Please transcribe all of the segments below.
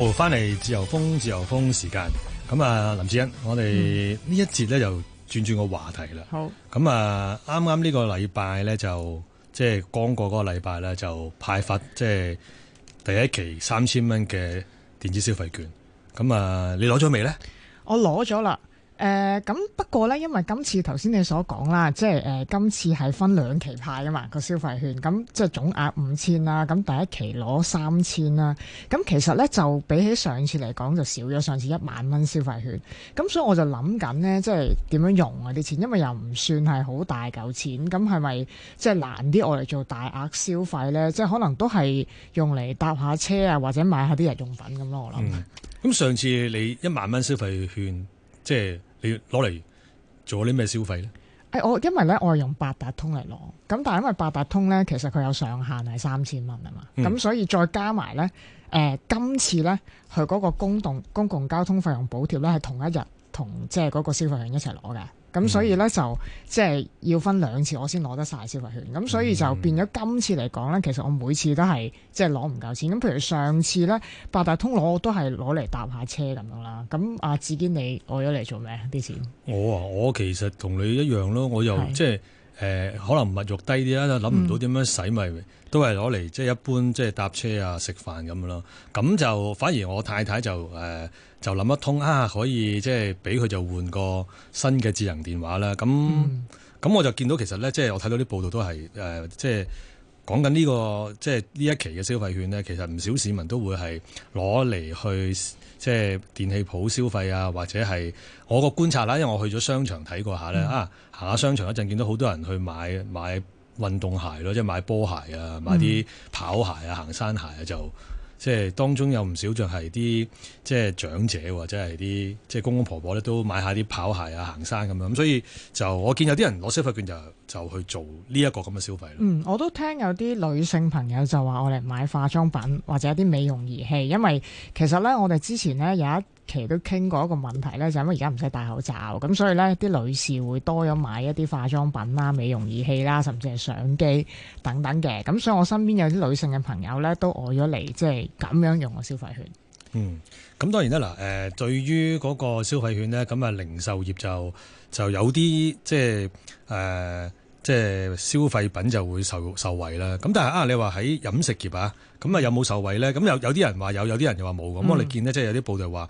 哦，翻嚟自由風，自由風時間。咁啊，林志恩，我哋呢一節咧就轉轉個話題啦。好。咁啊，啱啱呢個禮拜咧就即係剛過嗰個禮拜咧就派發即係第一期三千蚊嘅電子消費券。咁啊，你攞咗未咧？我攞咗啦。誒咁、呃、不過呢，因為今次頭先你所講啦，即係誒、呃、今次係分兩期派啊嘛，個消費券咁即係總額五千啦，咁第一期攞三千啦，咁其實呢，就比起上次嚟講就少咗上次一萬蚊消費券，咁所以我就諗緊呢，即係點樣用啊啲錢，因為又唔算係好大嚿錢，咁係咪即係難啲我嚟做大額消費呢？即係可能都係用嚟搭下車啊，或者買下啲日用品咁咯，我諗。咁、嗯、上次你一萬蚊消費券即係。你攞嚟做啲咩消費呢？誒，我因為咧，我係用八達通嚟攞，咁但係因為八達通呢，其實佢有上限係三千蚊啊嘛，咁、嗯、所以再加埋呢，誒，今次呢，佢嗰個公動公共交通費用補貼呢，係同一日同即係嗰個消費券一齊攞嘅。咁、嗯、所以咧就即、是、係要分兩次我，我先攞得晒消費券。咁所以就變咗今次嚟講咧，其實我每次都係即係攞唔夠錢。咁譬如上次咧，八達通攞都係攞嚟搭下車咁樣啦。咁阿、啊、志堅你，你攞咗嚟做咩啲錢？我啊，我其實同你一樣咯，我又即係。是就是誒、呃、可能物慾低啲啦，諗唔到點樣使咪、嗯、都係攞嚟即係一般即係搭車啊、食飯咁咯。咁就反而我太太就誒、呃、就諗一通啊，可以即係俾佢就換個新嘅智能電話啦。咁咁、嗯、我就見到其實咧，即係我睇到啲報道都係誒、呃、即係。講緊、這、呢個即係呢一期嘅消費券呢，其實唔少市民都會係攞嚟去即係電器鋪消費啊，或者係我個觀察啦，因為我去咗商場睇過下呢，嗯、啊，行下商場一陣見到好多人去買買運動鞋咯，即係買波鞋啊，買啲跑鞋啊、行山鞋啊，嗯、就即係當中有唔少就係啲即係長者或者係啲即係公公婆婆咧都買下啲跑鞋啊、行山咁樣，咁所以就我見有啲人攞消費券就。就去做呢一個咁嘅消費咧。嗯，我都聽有啲女性朋友就話：我哋買化妝品或者啲美容儀器，因為其實呢，我哋之前呢有一期都傾過一個問題呢就係因為而家唔使戴口罩，咁所以呢啲女士會多咗買一啲化妝品啦、美容儀器啦，甚至係相機等等嘅。咁所以，我身邊有啲女性嘅朋友呢，都愛咗嚟，即係咁樣用個消費券。嗯，咁當然啦，嗱，誒，對於嗰個消費券呢，咁啊，零售業就就有啲即係誒。呃即係消費品就會受受惠啦，咁但係啊，你話喺飲食業啊，咁啊有冇受惠咧？咁有有啲人話有，有啲人又話冇咁。嗯、我哋見咧，即係有啲報道話誒、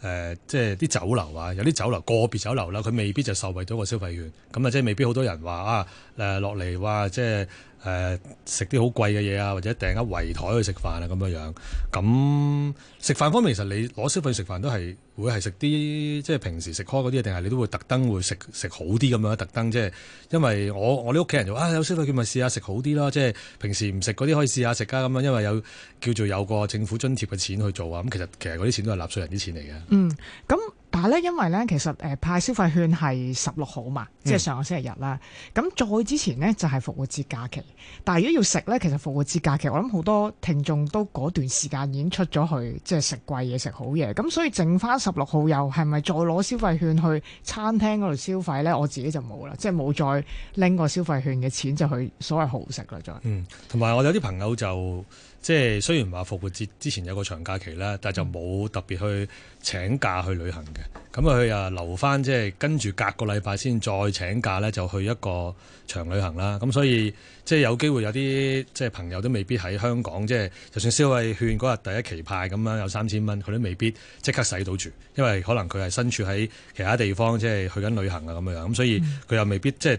呃，即係啲酒樓啊，有啲酒樓個別酒樓啦，佢未必就受惠到個消費券，咁啊即係未必好多人話啊誒落嚟話即係。誒，食啲好貴嘅嘢啊，或者訂一圍台去食飯啊，咁樣樣。咁食飯方面，其實你攞消費食飯都係會係食啲，即係平時食開嗰啲，定係你都會特登會食食好啲咁樣？特登即係、啊，因為我我哋屋企人就啊，有消費券咪試下食好啲囉。即係平時唔食嗰啲可以試下食啊。咁樣，因為有叫做有個政府津貼嘅錢去做啊。咁其實其實嗰啲錢都係納稅人啲錢嚟嘅。嗯，咁。但係咧，因為咧，其實誒、呃、派消費券係十六號嘛，嗯、即係上個星期日啦。咁再之前呢，就係、是、復活節假期。但係如果要食咧，其實復活節假期，我諗好多聽眾都嗰段時間已經出咗去，即係食貴嘢、食好嘢。咁所以剩返十六號又係咪再攞消費券去餐廳嗰度消費咧？我自己就冇啦，即係冇再拎過消費券嘅錢就去所謂豪食啦，再嗯，同埋我有啲朋友就。即係雖然話復活節之前有個長假期啦，但係就冇特別去請假去旅行嘅。咁啊，佢又留翻即係跟住隔個禮拜先再請假咧，就去一個長旅行啦。咁、嗯、所以即係有機會有啲即係朋友都未必喺香港，即係就算消費券嗰日第一期派咁樣有三千蚊，佢都未必即刻使到住，因為可能佢係身處喺其他地方，即係去緊旅行啊咁樣。咁所以佢又未必、嗯、即係。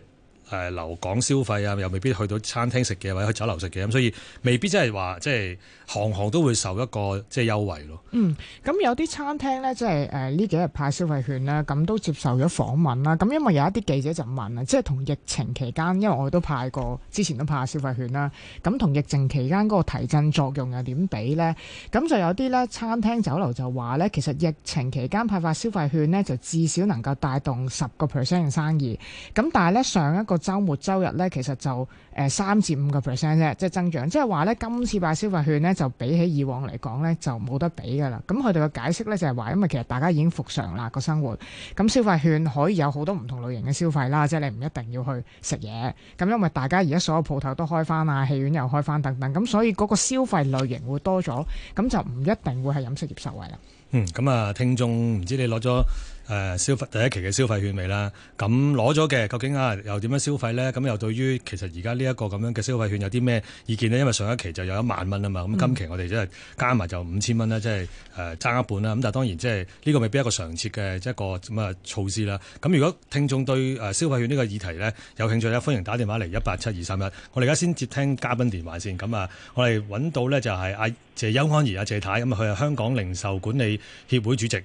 誒、呃、留港消費啊，又未必去到餐廳食嘅或者去酒樓食嘅，咁所以未必真係話即係行行都會受一個即係優惠咯。嗯，咁有啲餐廳呢，即係誒呢幾日派消費券啦，咁都接受咗訪問啦。咁因為有一啲記者就問啊，即係同疫情期間，因為我都派過，之前都派過消費券啦。咁同疫情期間嗰個提振作用又點比呢？咁就有啲呢餐廳酒樓就話呢，其實疫情期間派發消費券呢，就至少能夠帶動十個 percent 嘅生意。咁但係呢，上一個周末周日咧，其實就誒三至五個 percent 啫，即係增長。即係話咧，今次擺消費券咧，就比起以往嚟講咧，就冇得比噶啦。咁佢哋嘅解釋咧就係話，因為其實大家已經復常啦個生活，咁消費券可以有好多唔同類型嘅消費啦，即係你唔一定要去食嘢。咁因為大家而家所有鋪頭都開翻啊，戲院又開翻等等，咁所以嗰個消費類型會多咗，咁就唔一定會係飲食業受惠啦。嗯，咁啊，聽眾唔知你攞咗誒消費第一期嘅消費券未啦？咁攞咗嘅，究竟啊又點樣消費咧？咁又對於其實而家呢一個咁樣嘅消費券有啲咩意見呢？因為上一期就有一萬蚊啊嘛，咁、嗯嗯、今期我哋即係加埋就五千蚊啦，即係誒爭一半啦。咁但係當然即係呢個未必一個常設嘅一個咁啊措施啦。咁、嗯、如果聽眾對誒消費券呢個議題咧有興趣咧，歡迎打電話嚟一八七二三一。我哋而家先接聽嘉賓電話先。咁、嗯、啊，我哋揾到咧就係阿謝邱安儀阿謝太，太，咁啊佢係香港零售管理協會主席，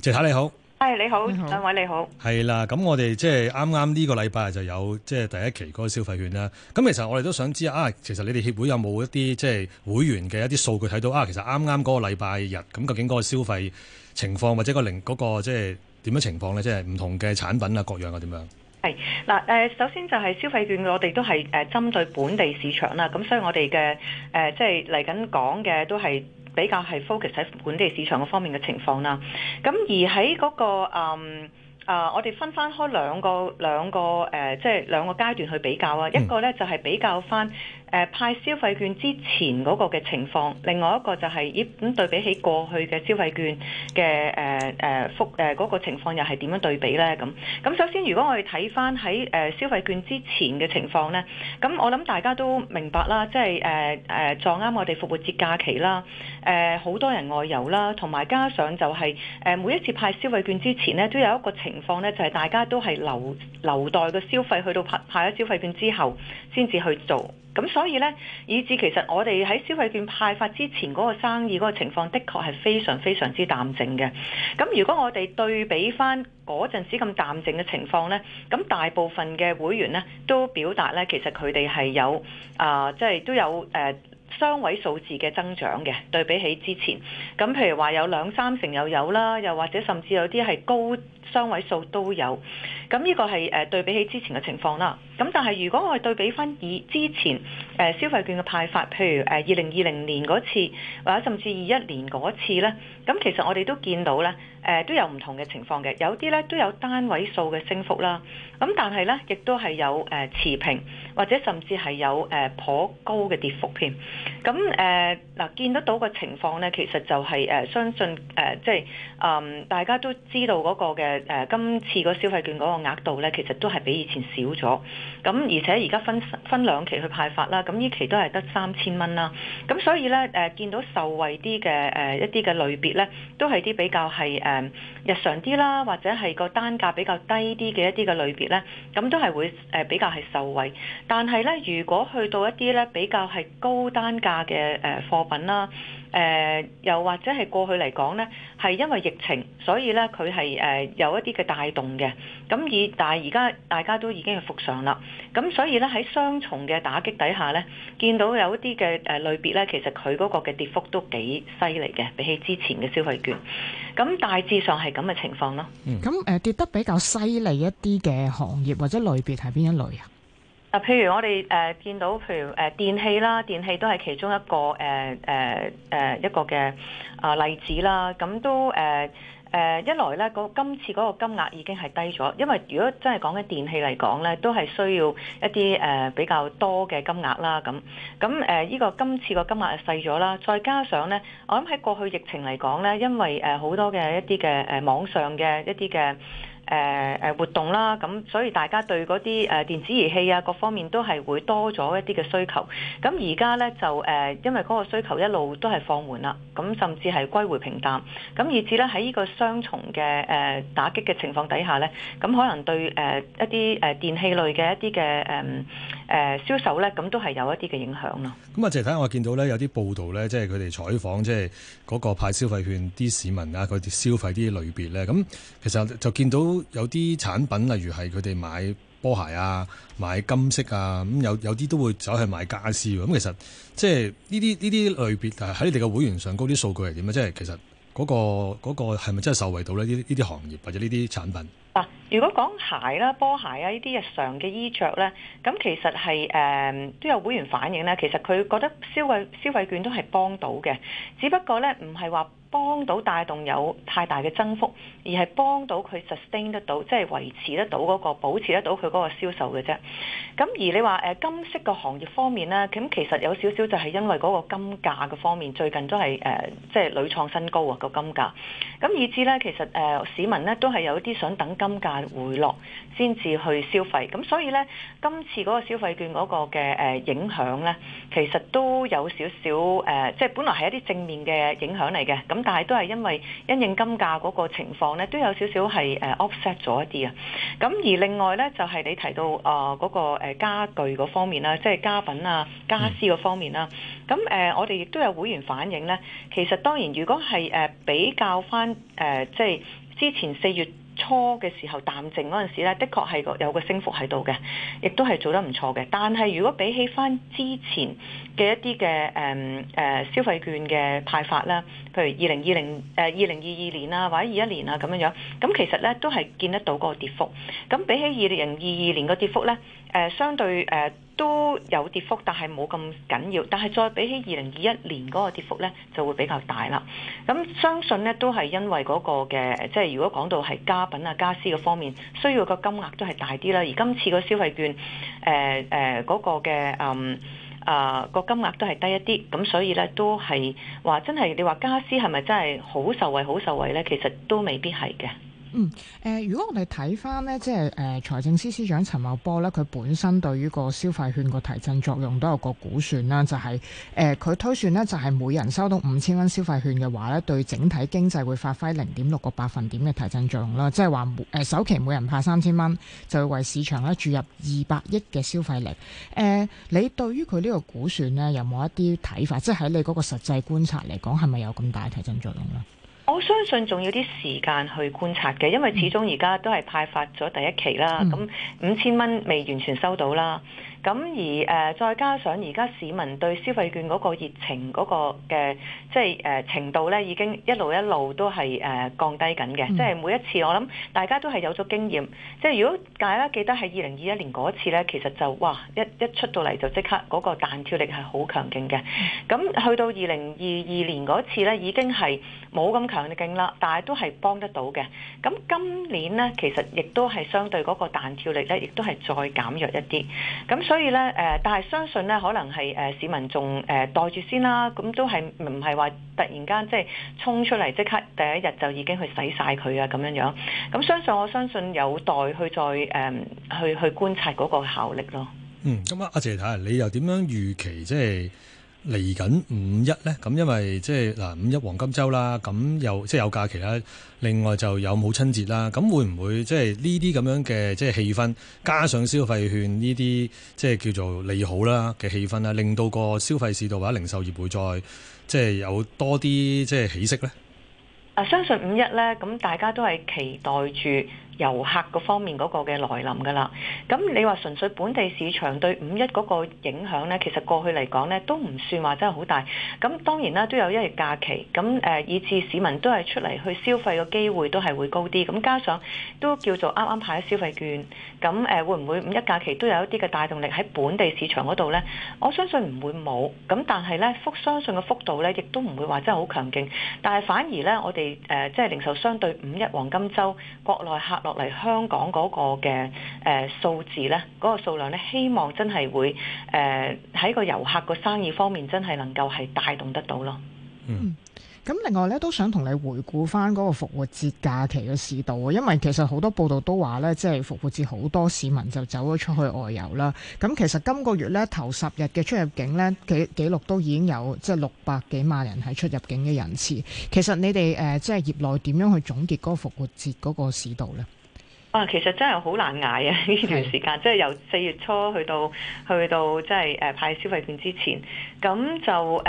謝太你好，係你好，你好，兩位你好，係啦，咁我哋即係啱啱呢個禮拜就有即係第一期嗰個消費券啦。咁其實我哋都想知啊，其實你哋協會有冇一啲即係會員嘅一啲數據睇到啊？其實啱啱嗰個禮拜日，咁究竟嗰個消費情況或者嗰個零嗰個即係點樣情況咧？即係唔同嘅產品啊，各樣啊點樣？係嗱，誒，首先就係消費券，我哋都係誒針對本地市場啦。咁所以我哋嘅誒即係嚟緊講嘅都係。比較係 focus 喺本地市場嗰方面嘅情況啦，咁、嗯、而喺嗰、嗰個誒啊、嗯呃，我哋分翻開兩個兩個誒，即係兩個階段去比較啊，一個咧就係、是、比較翻。誒派消費券之前嗰個嘅情況，另外一個就係依咁對比起過去嘅消費券嘅誒誒覆誒嗰個情況又係點樣對比咧？咁咁首先，如果我哋睇翻喺誒消費券之前嘅情況咧，咁我諗大家都明白啦，即係誒誒撞啱我哋復活節假期啦，誒、呃、好多人外遊啦，同埋加上就係誒每一次派消費券之前咧，都有一個情況咧，就係大家都係留留待個消費去到派派咗消費券之後先至去做，咁所以咧，以至其實我哋喺消費券派發之前嗰個生意嗰個情況，的確係非常非常之淡靜嘅。咁如果我哋對比翻嗰陣時咁淡靜嘅情況咧，咁大部分嘅會員咧都表達咧，其實佢哋係有啊，即，呃，係，就係，都有，誒，呃，雙位數字嘅增長嘅，對比起之前。咁譬如話有兩三成又有啦，又或者甚至有啲係高。雙位數都有，咁呢個係誒對比起之前嘅情況啦。咁但係如果我哋對比翻以之前誒消費券嘅派發，譬如誒二零二零年嗰次，或者甚至二一年嗰次咧，咁其實我哋都見到咧，誒都有唔同嘅情況嘅。有啲咧都有單位數嘅升幅啦，咁但係咧亦都係有誒持平，或者甚至係有誒頗高嘅跌幅添。咁誒嗱見得到嘅情況咧，其實就係誒相信誒、呃、即係嗯、呃、大家都知道嗰個嘅。誒今次個消費券嗰個額度咧，其實都係比以前少咗。咁而且而家分分兩期去派發啦，咁呢期都係得三千蚊啦。咁所以咧，誒見到受惠啲嘅誒一啲嘅類別咧，都係啲比較係誒日常啲啦，或者係個單價比較低啲嘅一啲嘅類別咧，咁都係會誒比較係受惠。但係咧，如果去到一啲咧比較係高單價嘅誒貨品啦。誒、呃、又或者係過去嚟講呢，係因為疫情，所以呢，佢係誒有一啲嘅帶動嘅。咁而但係而家大家都已經係復上啦。咁所以呢，喺雙重嘅打擊底下呢，見到有一啲嘅誒類別呢，其實佢嗰個嘅跌幅都幾犀利嘅，比起之前嘅消費券。咁大致上係咁嘅情況咯。咁誒、嗯、跌得比較犀利一啲嘅行業或者類別係邊一類啊？啊，譬如我哋誒見到，譬如誒、啊、電器啦，電器都係其中一個誒誒誒一個嘅啊例子啦。咁都誒誒、啊啊、一來咧，個今次嗰個金額已經係低咗，因為如果真係講緊電器嚟講咧，都係需要一啲誒、啊、比較多嘅金額啦。咁咁誒呢個今次個金額係細咗啦，再加上咧，我諗喺過去疫情嚟講咧，因為誒好多嘅一啲嘅誒網上嘅一啲嘅。誒誒、呃、活動啦，咁、啊、所以大家對嗰啲誒電子儀器啊各方面都係會多咗一啲嘅需求。咁而家呢，就誒、呃，因為嗰個需求一路都係放緩啦，咁、啊、甚至係歸回平淡。咁、啊、以至呢，喺呢個雙重嘅誒、呃、打擊嘅情況底下呢，咁、啊、可能對誒、呃、一啲誒電器類嘅一啲嘅誒誒銷售呢，咁都係有一啲嘅影響咯。咁、嗯、啊，謝太，我見到呢，有啲報道呢，即係佢哋採訪，即係嗰個派消費券啲市民啊，佢哋消費啲類別呢，咁其實就見到。有啲產品例如係佢哋買波鞋啊，買金飾啊，咁、嗯、有有啲都會走去買傢俬。咁、嗯、其實即係呢啲呢啲類別，誒喺你哋嘅會員上高啲數據係點咧？即係其實嗰個嗰個係咪真係受惠到咧？呢呢啲行業或者呢啲產品。啊。如果講鞋啦、波鞋啊，呢啲日常嘅衣着呢，咁其實係誒、呃、都有會員反映咧，其實佢覺得消費消費券都係幫到嘅，只不過呢唔係話幫到帶動有太大嘅增幅，而係幫到佢 sustain 得到，即係維持得到嗰、嗰個保持得到佢嗰個銷售嘅啫。咁而你話誒金飾個行業方面呢，咁其實有少少就係因為嗰個金價嘅方面最近都係誒即係屢創新高、嗰個金價，咁以至呢，其實誒、呃、市民呢都係有啲想等金價回落先至去消費，咁所以呢，今次嗰個消費券嗰個嘅誒影響呢，其實都有少少誒、呃，即係本來係一啲正面嘅影響嚟嘅，咁但係都係因為因應金價嗰個情況呢，都有少少係誒 offset 咗一啲啊。咁而另外呢，就係、是、你提到誒嗰、呃那個誒傢俱嗰方面啦，即係家品啊、家私嗰方面啦，咁誒、呃，我哋亦都有會員反映呢，其實當然如果係誒比較翻誒即係之前四月初嘅時候淡靜嗰陣時咧，的確係有個升幅喺度嘅，亦都係做得唔錯嘅。但係如果比起返之前嘅一啲嘅誒誒消費券嘅派發啦，譬如二零二零誒二零二二年啊，或者二一年啊咁樣樣，咁其實咧都係見得到個跌幅。咁比起二零二二年個跌幅咧，誒相對誒。都有跌幅，但係冇咁緊要。但係再比起二零二一年嗰個跌幅咧，就會比較大啦。咁相信咧，都係因為嗰個嘅，即係如果講到係家品啊、家私嘅方面，需要嘅金額都係大啲啦。而今次個消費券，誒誒嗰個嘅嗯啊個、呃、金額都係低一啲，咁所以咧都係話真係你話家私係咪真係好受惠、好受惠咧？其實都未必係嘅。嗯，誒、呃，如果我哋睇翻，呢即係誒財政司司長陳茂波呢，佢本身對於個消費券個提振作用都有個估算啦，就係誒佢推算呢，就係每人收到五千蚊消費券嘅話呢，對整體經濟會發揮零點六個百分點嘅提振作用啦，即係話每誒首期每人派三千蚊，就會為市場咧注入二百億嘅消費力。誒、呃，你對於佢呢個估算呢，有冇一啲睇法？即係喺你嗰個實際觀察嚟講，係咪有咁大提振作用呢？我相信仲有啲時間去觀察嘅，因為始終而家都係派發咗第一期啦，咁五千蚊未完全收到啦。咁而誒、呃，再加上而家市民對消費券嗰個熱情嗰個嘅即係誒程度咧，已經一路一路都係誒、呃、降低緊嘅。即係每一次，我諗大家都係有咗經驗，即係如果大家記得係二零二一年嗰一次咧，其實就哇一一出到嚟就即刻嗰個彈跳力係好強勁嘅。咁去到二零二二年嗰一次咧，已經係冇咁強勁啦，但係都係幫得到嘅。咁今年咧，其實亦都係相對嗰個彈跳力咧，亦都係再減弱一啲。咁所以咧，誒、呃，但係相信咧，可能係誒、呃、市民仲誒、呃呃、待住先啦，咁都係唔係話突然間即係衝出嚟即刻第一日就已經去洗晒佢啊，咁樣樣，咁相信我相信有待去再誒去去觀察嗰個效力咯。嗯、咁、嗯、啊，阿謝太，你又點樣預期即係？嚟緊五一呢，咁因為即係嗱五一黃金周啦，咁又即係有假期啦，另外就有母親節啦，咁會唔會即係呢啲咁樣嘅即係氣氛，加上消費券呢啲即係叫做利好啦嘅氣氛啦，令到個消費市道或者零售業會再即係、就是、有多啲即係起色呢？啊，相信五一呢，咁大家都係期待住。遊客嗰方面嗰個嘅來臨㗎啦，咁你話純粹本地市場對五一嗰個影響呢？其實過去嚟講呢，都唔算話真係好大。咁當然啦，都有一日假期，咁誒以至市民都係出嚟去消費嘅機會都係會高啲。咁加上都叫做啱啱派咗消費券，咁誒會唔會五一假期都有一啲嘅帶動力喺本地市場嗰度呢？我相信唔會冇。咁但係呢，幅相信嘅幅度呢，亦都唔會話真係好強勁。但係反而呢，我哋誒即係零售商對五一黃金週國內客嚟香港嗰個嘅誒數字咧，嗰個數量咧，希望真係會誒喺個遊客個生意方面真係能夠係帶動得到咯。嗯，咁另外咧都想同你回顧翻嗰個復活節假期嘅市道啊，因為其實好多報道都話咧，即係復活節好多市民就走咗出去外遊啦。咁其實今個月咧頭十日嘅出入境咧記記錄都已經有即係六百幾萬人喺出入境嘅人次。其實你哋誒即係業內點樣去總結嗰個復活節嗰個市道咧？啊，其實真係好難捱啊！呢段時間，是的 即係由四月初去到，去到，即係誒派消費券之前。咁就誒，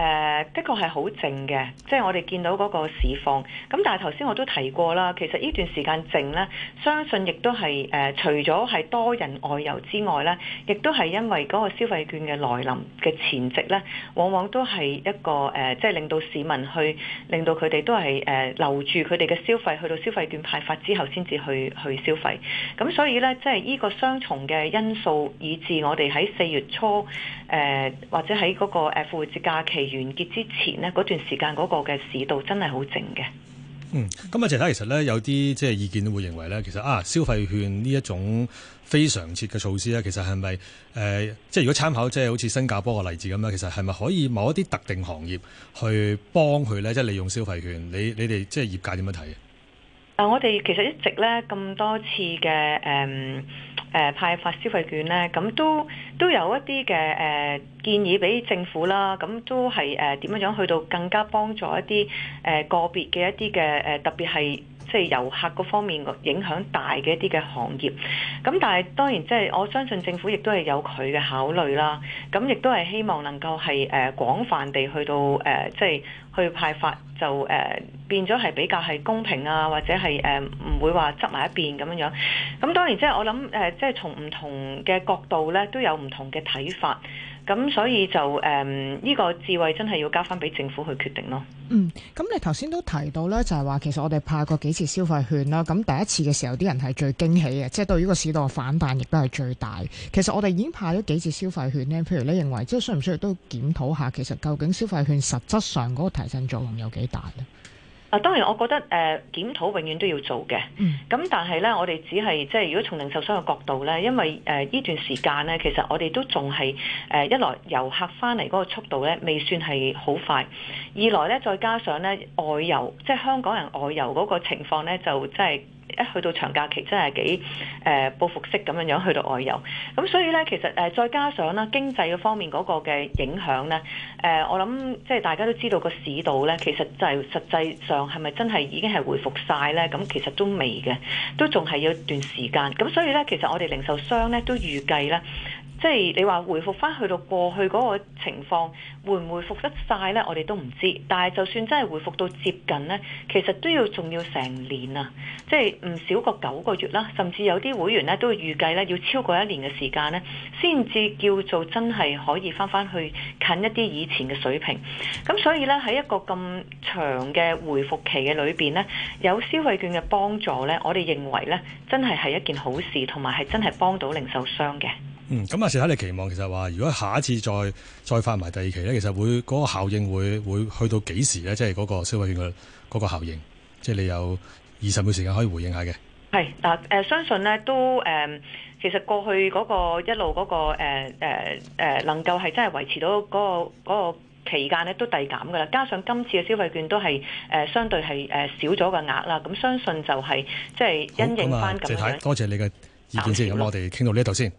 的確係好靜嘅，即係我哋見到嗰個市況。咁但係頭先我都提過啦，其實呢段時間靜呢，相信亦都係誒，除咗係多人外遊之外呢，亦都係因為嗰個消費券嘅來臨嘅前夕呢，往往都係一個誒，即係令到市民去，令到佢哋都係誒留住佢哋嘅消費，去到消費券派發之後先至去去消費。咁所以呢，即係呢個雙重嘅因素，以致我哋喺四月初誒，或者喺嗰個誒復活節假期完結之前呢，嗰段時間嗰個嘅市道真係好靜嘅。嗯，咁啊，其他其實咧有啲即係意見都會認為咧，其實啊，消費券呢一種非常設嘅措施咧，其實係咪誒，即係如果參考即係好似新加坡嘅例子咁樣，其實係咪可以某一啲特定行業去幫佢咧，即係利用消費券？你你哋即係業界點樣睇？啊、我哋其實一直咧咁多次嘅誒誒派發消費券咧，咁都都有一啲嘅誒建議俾政府啦，咁都係誒點樣樣去到更加幫助一啲誒、呃、個別嘅一啲嘅誒特別係，即係遊客嗰方面影響大嘅一啲嘅行業，咁但係當然即係我相信政府亦都係有佢嘅考慮啦，咁亦都係希望能夠係誒廣泛地去到誒即係去派發，就誒變咗係比較係公平啊，或者係誒唔會話執埋一邊咁樣樣。咁當然即係我諗誒，即係從唔同嘅角度咧都有唔同嘅睇法。咁所以就誒呢個智慧真係要交翻俾政府去決定咯。嗯，咁你頭先都提到咧，就係話其實我哋派過幾次消費券啦。咁第一次嘅時候，啲人係最驚喜嘅，即係對於個市道嘅反彈，亦都係最大。其實我哋已經派咗幾次消費券呢。譬如你認為即係需唔需要都檢討下，其實究竟消費券實質上嗰個提振作用有幾大咧？啊，當然我覺得誒檢討永遠都要做嘅，咁但係咧，我哋只係即係如果從零售商嘅角度咧，因為誒呢段時間咧，其實我哋都仲係誒一來遊客翻嚟嗰個速度咧，未算係好快；二來咧，再加上咧外遊，即係香港人外遊嗰個情況咧，就即係。去到長假期真係幾誒報復式咁樣樣去到外遊，咁所以咧其實誒、呃、再加上咧經濟方面嗰個嘅影響咧，誒、呃、我諗即係大家都知道個市道咧，其實就係、實際上係咪真係已經係回復晒咧？咁其實都未嘅，都仲係要一段時間。咁所以咧，其實我哋零售商咧都預計咧。即係你話回復翻去到過去嗰個情況，會唔會回復得晒呢？我哋都唔知。但係就算真係回復到接近呢，其實都要仲要成年啊，即係唔少過九個月啦。甚至有啲會員呢，都會預計呢，要超過一年嘅時間呢，先至叫做真係可以翻翻去近一啲以前嘅水平。咁所以呢，喺一個咁長嘅回復期嘅裏邊呢，有消費券嘅幫助呢，我哋認為呢，真係係一件好事，同埋係真係幫到零售商嘅。嗯，咁、嗯、啊，謝太，你期望其實話，如果下一次再再發埋第二期咧，其實會嗰、那個效應會會,會去到幾時咧？即係嗰個消費券嘅嗰個效應，即係你有二十秒時間可以回應下嘅。係嗱，誒、呃，相信咧都誒、呃，其實過去嗰個一路嗰、那個誒誒、呃呃、能夠係真係維持到嗰、那個那個期間咧，都遞減噶啦。加上今次嘅消費券都係誒、呃，相對係誒、呃、少咗個額啦。咁、嗯、相信就係、是、即係因應翻咁、這個嗯嗯、謝太，多謝你嘅意見先。咁我哋傾到呢一度先。